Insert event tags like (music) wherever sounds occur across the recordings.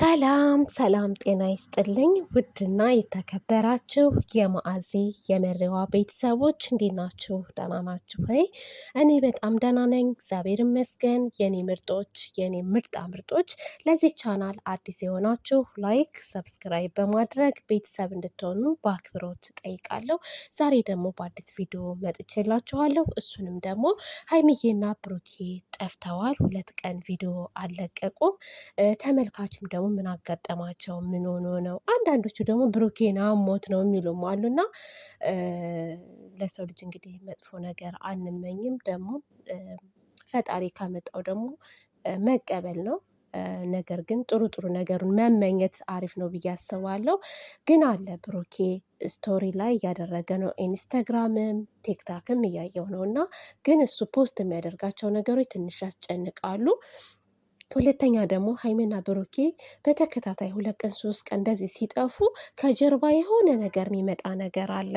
ሰላም ሰላም፣ ጤና ይስጥልኝ ውድና የተከበራችሁ የማዓዚ የመሪዋ ቤተሰቦች እንዴት ናችሁ? ደህና ናችሁ ወይ? እኔ በጣም ደህና ነኝ፣ እግዚአብሔር ይመስገን። የኔ ምርጦች፣ የኔ ምርጣ ምርጦች፣ ለዚህ ቻናል አዲስ የሆናችሁ ላይክ፣ ሰብስክራይብ በማድረግ ቤተሰብ እንድትሆኑ በአክብሮት ጠይቃለሁ። ዛሬ ደግሞ በአዲስ ቪዲዮ መጥቼላችኋለሁ። እሱንም ደግሞ ሀይሚዬና ብሩኬ ጠፍተዋል፣ ሁለት ቀን ቪዲዮ አልለቀቁም። ተመልካችም ደግሞ አሁን ምን አጋጠማቸው? ምን ሆኖ ነው? አንዳንዶቹ ደግሞ ብሩኬን አሞት ነው የሚሉም አሉና ለሰው ልጅ እንግዲህ መጥፎ ነገር አንመኝም። ደግሞ ፈጣሪ ከመጣው ደግሞ መቀበል ነው። ነገር ግን ጥሩ ጥሩ ነገሩን መመኘት አሪፍ ነው ብዬ አስባለሁ። ግን አለ ብሩኬ ስቶሪ ላይ እያደረገ ነው፣ ኢንስታግራምም ቲክታክም እያየው ነው እና ግን እሱ ፖስት የሚያደርጋቸው ነገሮች ትንሽ ያስጨንቃሉ። ሁለተኛ ደግሞ ሀይሜና ብሩኬ በተከታታይ ሁለት ቀን ሶስት ቀን እንደዚህ ሲጠፉ ከጀርባ የሆነ ነገር የሚመጣ ነገር አለ።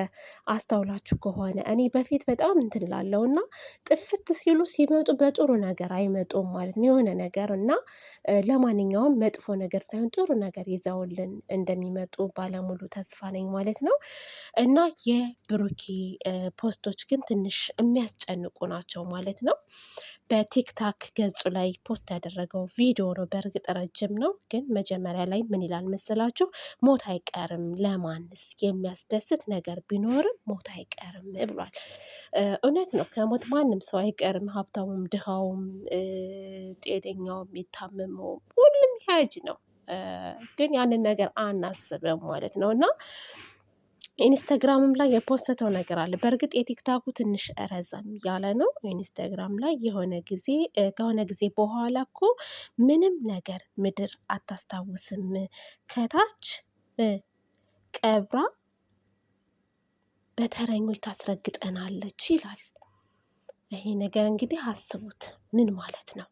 አስተውላችሁ ከሆነ እኔ በፊት በጣም እንትን እና ጥፍት ሲሉ ሲመጡ በጥሩ ነገር አይመጡም ማለት ነው የሆነ ነገር እና ለማንኛውም መጥፎ ነገር ሳይሆን ጥሩ ነገር ይዘውልን እንደሚመጡ ባለሙሉ ተስፋ ነኝ ማለት ነው እና የብሩኬ ፖስቶች ግን ትንሽ የሚያስጨንቁ ናቸው ማለት ነው። በቲክታክ ገጹ ላይ ፖስት ያደረገው ቪዲዮ ነው። በእርግጥ ረጅም ነው፣ ግን መጀመሪያ ላይ ምን ይላል መሰላችሁ? ሞት አይቀርም ለማንስ የሚያስደስት ነገር ቢኖርም ሞት አይቀርም ብሏል። እውነት ነው፣ ከሞት ማንም ሰው አይቀርም። ሀብታሙም፣ ድሃውም፣ ጤነኛውም፣ የታመመውም ሁሉም ያጅ ነው። ግን ያንን ነገር አናስብም ማለት ነው እና ኢንስታግራምም ላይ የፖስተው ነገር አለ። በእርግጥ የቲክታኩ ትንሽ ረዘም ያለ ነው። ኢንስታግራም ላይ የሆነ ጊዜ ከሆነ ጊዜ በኋላ እኮ ምንም ነገር ምድር አታስታውስም ከታች ቀብራ በተረኞች ታስረግጠናለች ይላል። ይሄ ነገር እንግዲህ አስቡት፣ ምን ማለት ነው?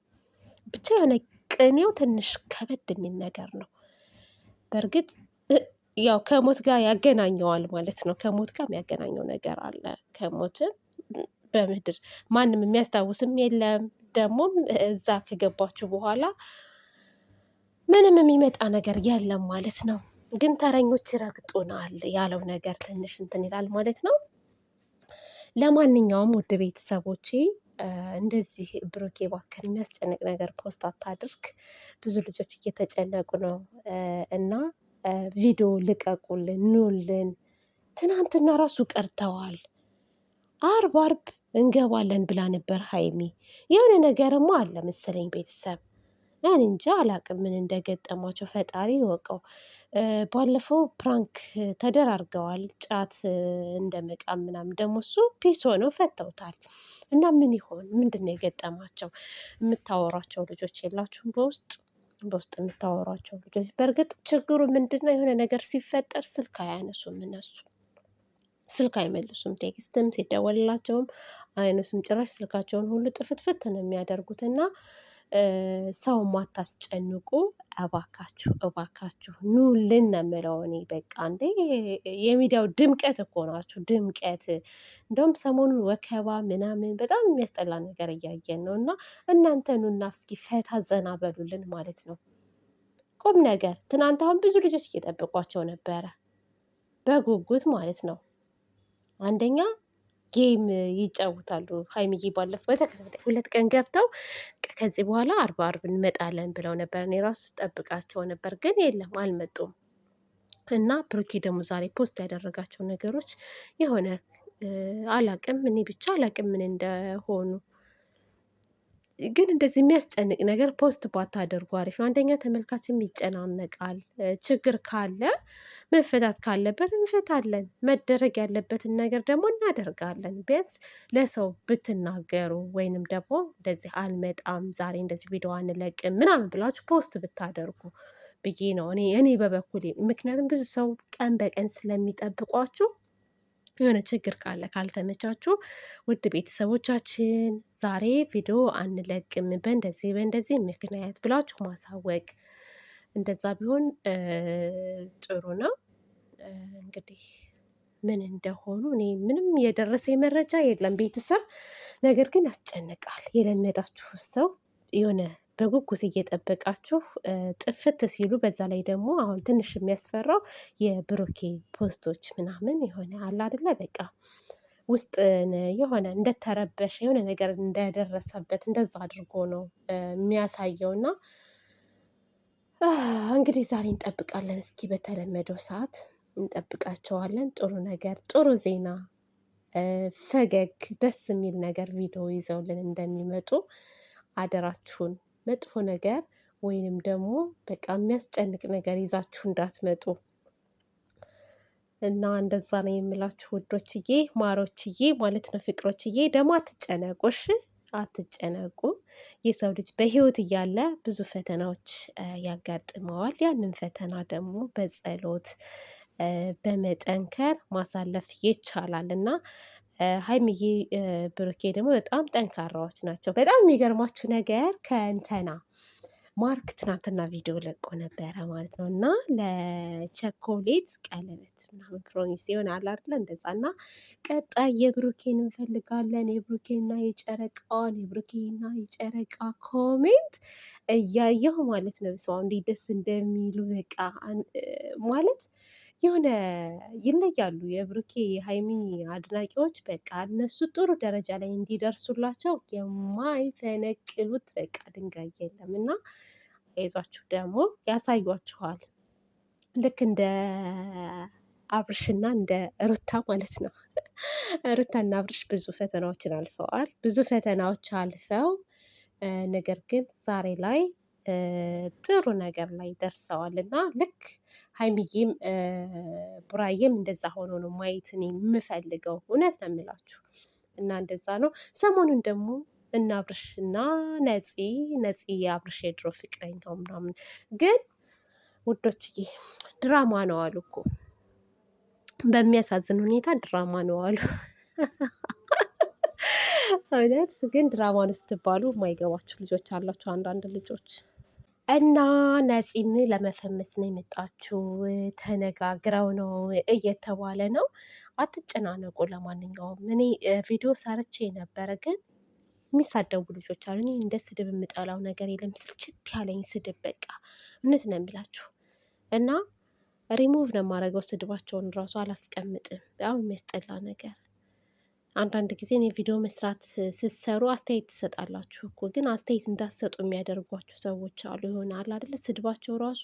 ብቻ የሆነ ቅኔው ትንሽ ከበድ የሚል ነገር ነው በእርግጥ ያው ከሞት ጋር ያገናኘዋል ማለት ነው። ከሞት ጋር የሚያገናኘው ነገር አለ። ከሞትን በምድር ማንም የሚያስታውስም የለም። ደግሞም እዛ ከገባችሁ በኋላ ምንም የሚመጣ ነገር የለም ማለት ነው። ግን ተረኞች ረግጡናል ያለው ነገር ትንሽ እንትን ይላል ማለት ነው። ለማንኛውም ውድ ቤተሰቦቼ እንደዚህ ብሩኬ እባክህ የሚያስጨንቅ ነገር ፖስት አታድርግ፣ ብዙ ልጆች እየተጨነቁ ነው እና ቪዲዮ ልቀቁልን፣ ኑልን። ትናንትና ራሱ ቀርተዋል። አርብ አርብ እንገባለን ብላ ነበር ሀይሚ። የሆነ ነገርማ አለ መሰለኝ ቤተሰብ እኔ እንጃ አላቅም ምን እንደገጠማቸው ፈጣሪ ወቀው። ባለፈው ፕራንክ ተደራርገዋል ጫት እንደመቃም ምናምን፣ ደግሞ እሱ ፒስ ሆነው ፈተውታል። እና ምን ይሆን ምንድን ነው የገጠማቸው? የምታወሯቸው ልጆች የላችሁም በውስጥ በውስጥ የምታወሯቸው ልጆች። በእርግጥ ችግሩ ምንድነው? የሆነ ነገር ሲፈጠር ስልክ አያነሱም እነሱ ስልክ አይመልሱም። ቴክስትም ሲደወልላቸውም አይነሱም ጭራሽ ስልካቸውን ሁሉ ጥፍትፍት ነው የሚያደርጉት እና ሰው ማታስጨንቁ እባካችሁ እባካችሁ ኑልን ነው የምለው እኔ በቃ እንዴ የሚዲያው ድምቀት እኮ ናችሁ ድምቀት እንደውም ሰሞኑን ወከባ ምናምን በጣም የሚያስጠላ ነገር እያየን ነው እና እናንተ ኑና እስኪ ፈታ ዘና በሉልን ማለት ነው ቁም ነገር ትናንት አሁን ብዙ ልጆች እየጠበቋቸው ነበረ በጉጉት ማለት ነው አንደኛ ጌም ይጫወታሉ። ሀይሚዬ ባለፈው በተከታታይ ሁለት ቀን ገብተው ከዚህ በኋላ አርብ አርብ እንመጣለን ብለው ነበር። እኔ ራሱ ስጠብቃቸው ነበር፣ ግን የለም አልመጡም። እና ብሩኬ ደግሞ ዛሬ ፖስት ያደረጋቸው ነገሮች የሆነ አላቅም እኔ ብቻ አላቅም ምን እንደሆኑ ግን እንደዚህ የሚያስጨንቅ ነገር ፖስት ባታደርጉ አሪፍ ነው። አንደኛ ተመልካችም ይጨናነቃል። ችግር ካለ መፈታት ካለበት እንፈታለን። መደረግ ያለበትን ነገር ደግሞ እናደርጋለን። ቢያንስ ለሰው ብትናገሩ ወይንም ደግሞ እንደዚህ አልመጣም ዛሬ እንደዚህ ቪዲዮ አንለቅም ምናምን ብላችሁ ፖስት ብታደርጉ ብዬ ነው እኔ እኔ በበኩሌ ምክንያቱም ብዙ ሰው ቀን በቀን ስለሚጠብቋችሁ የሆነ ችግር ካለ ካልተመቻችሁ፣ ውድ ቤተሰቦቻችን ዛሬ ቪዲዮ አንለቅም በእንደዚህ በእንደዚህ ምክንያት ብላችሁ ማሳወቅ እንደዛ ቢሆን ጥሩ ነው። እንግዲህ ምን እንደሆኑ እኔ ምንም የደረሰ መረጃ የለም ቤተሰብ ነገር ግን ያስጨንቃል። የለመዳችሁ ሰው የሆነ በጉጉት እየጠበቃችሁ ጥፍት ሲሉ፣ በዛ ላይ ደግሞ አሁን ትንሽ የሚያስፈራው የብሩኬ ፖስቶች ምናምን የሆነ አለ አይደለ በቃ ውስጥ የሆነ እንደተረበሸ የሆነ ነገር እንደደረሰበት እንደዛ አድርጎ ነው የሚያሳየው። እና እንግዲህ ዛሬ እንጠብቃለን። እስኪ በተለመደው ሰዓት እንጠብቃቸዋለን። ጥሩ ነገር፣ ጥሩ ዜና፣ ፈገግ፣ ደስ የሚል ነገር ቪዲዮ ይዘውልን እንደሚመጡ አደራችሁን መጥፎ ነገር ወይንም ደግሞ በቃ የሚያስጨንቅ ነገር ይዛችሁ እንዳትመጡ። እና እንደዛ ነው የምላችሁ ውዶችዬ ማሮችዬ ማለት ነው ፍቅሮችዬ ደግሞ አትጨነቁ እሺ አትጨነቁ። የሰው ልጅ በህይወት እያለ ብዙ ፈተናዎች ያጋጥመዋል። ያንን ፈተና ደግሞ በጸሎት በመጠንከር ማሳለፍ ይቻላል እና ሀይሚዬ ብሩኬ ደግሞ በጣም ጠንካራዎች ናቸው። በጣም የሚገርማችሁ ነገር ከእንተና ማርክ ትናንትና ቪዲዮ ለቆ ነበረ ማለት ነው እና ለቸኮሌት ቀለበት ምናምን ፕሮሚስ የሆነ አላርለ እንደዛ እና ቀጣይ የብሩኬን እንፈልጋለን። የብሩኬንና የጨረቃዋን የብሩኬንና የጨረቃ ኮሜንት እያየሁ ማለት ነው። ሰው እንዴት ደስ እንደሚሉ በቃ ማለት የሆነ ይለያሉ የብሩኬ የሃይሚ አድናቂዎች በቃ እነሱ ጥሩ ደረጃ ላይ እንዲደርሱላቸው የማይፈነቅሉት በቃ ድንጋይ የለም እና አይዟችሁ ደግሞ ያሳዩችኋል። ልክ እንደ አብርሽና እንደ ሩታ ማለት ነው። (laughs) ሩታና አብርሽ ብዙ ፈተናዎችን አልፈዋል። ብዙ ፈተናዎች አልፈው ነገር ግን ዛሬ ላይ ጥሩ ነገር ላይ ደርሰዋል እና ልክ ሀይሚዬም ቡራዬም እንደዛ ሆኖ ነው ማየትን የምፈልገው። እውነት ነው የምላችሁ እና እንደዛ ነው። ሰሞኑን ደግሞ እና አብርሽ እና ነፂ ነፂ የአብርሽ የድሮ ፍቅረኛው ምናምን ግን ውዶችዬ ድራማ ነው አሉ እኮ በሚያሳዝን ሁኔታ ድራማ ነው አሉ። እውነት ግን ድራማን ስትባሉ የማይገባችሁ ልጆች አላችሁ። አንዳንድ ልጆች እና ነፂም ለመፈመስ ነው የመጣችው፣ ተነጋግረው ነው እየተባለ ነው። አትጨናነቁ። ለማንኛውም እኔ ቪዲዮ ሰርቼ ነበረ ግን የሚሳደቡ ልጆች አሉ። እኔ እንደ ስድብ የምጠላው ነገር የለም። ስልችት ያለኝ ስድብ በቃ እውነት ነው የሚላችሁ እና ሪሙቭ ነው የማደርገው። ስድባቸውን ራሱ አላስቀምጥም። በጣም የሚያስጠላ ነገር አንዳንድ ጊዜ እኔ ቪዲዮ መስራት ስትሰሩ አስተያየት ትሰጣላችሁ እኮ ግን አስተያየት እንዳትሰጡ የሚያደርጓችሁ ሰዎች አሉ። የሆነ አለ ስድባቸው ራሱ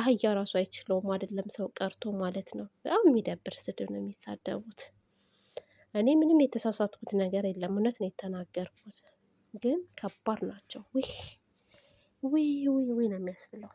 አህያ ራሱ አይችለውም አይደለም ሰው ቀርቶ ማለት ነው። በጣም የሚደብር ስድብ ነው የሚሳደቡት። እኔ ምንም የተሳሳትኩት ነገር የለም፣ እውነት ነው የተናገርኩት። ግን ከባድ ናቸው። ውይ ውይ ውይ ውይ ነው የሚያስብለው።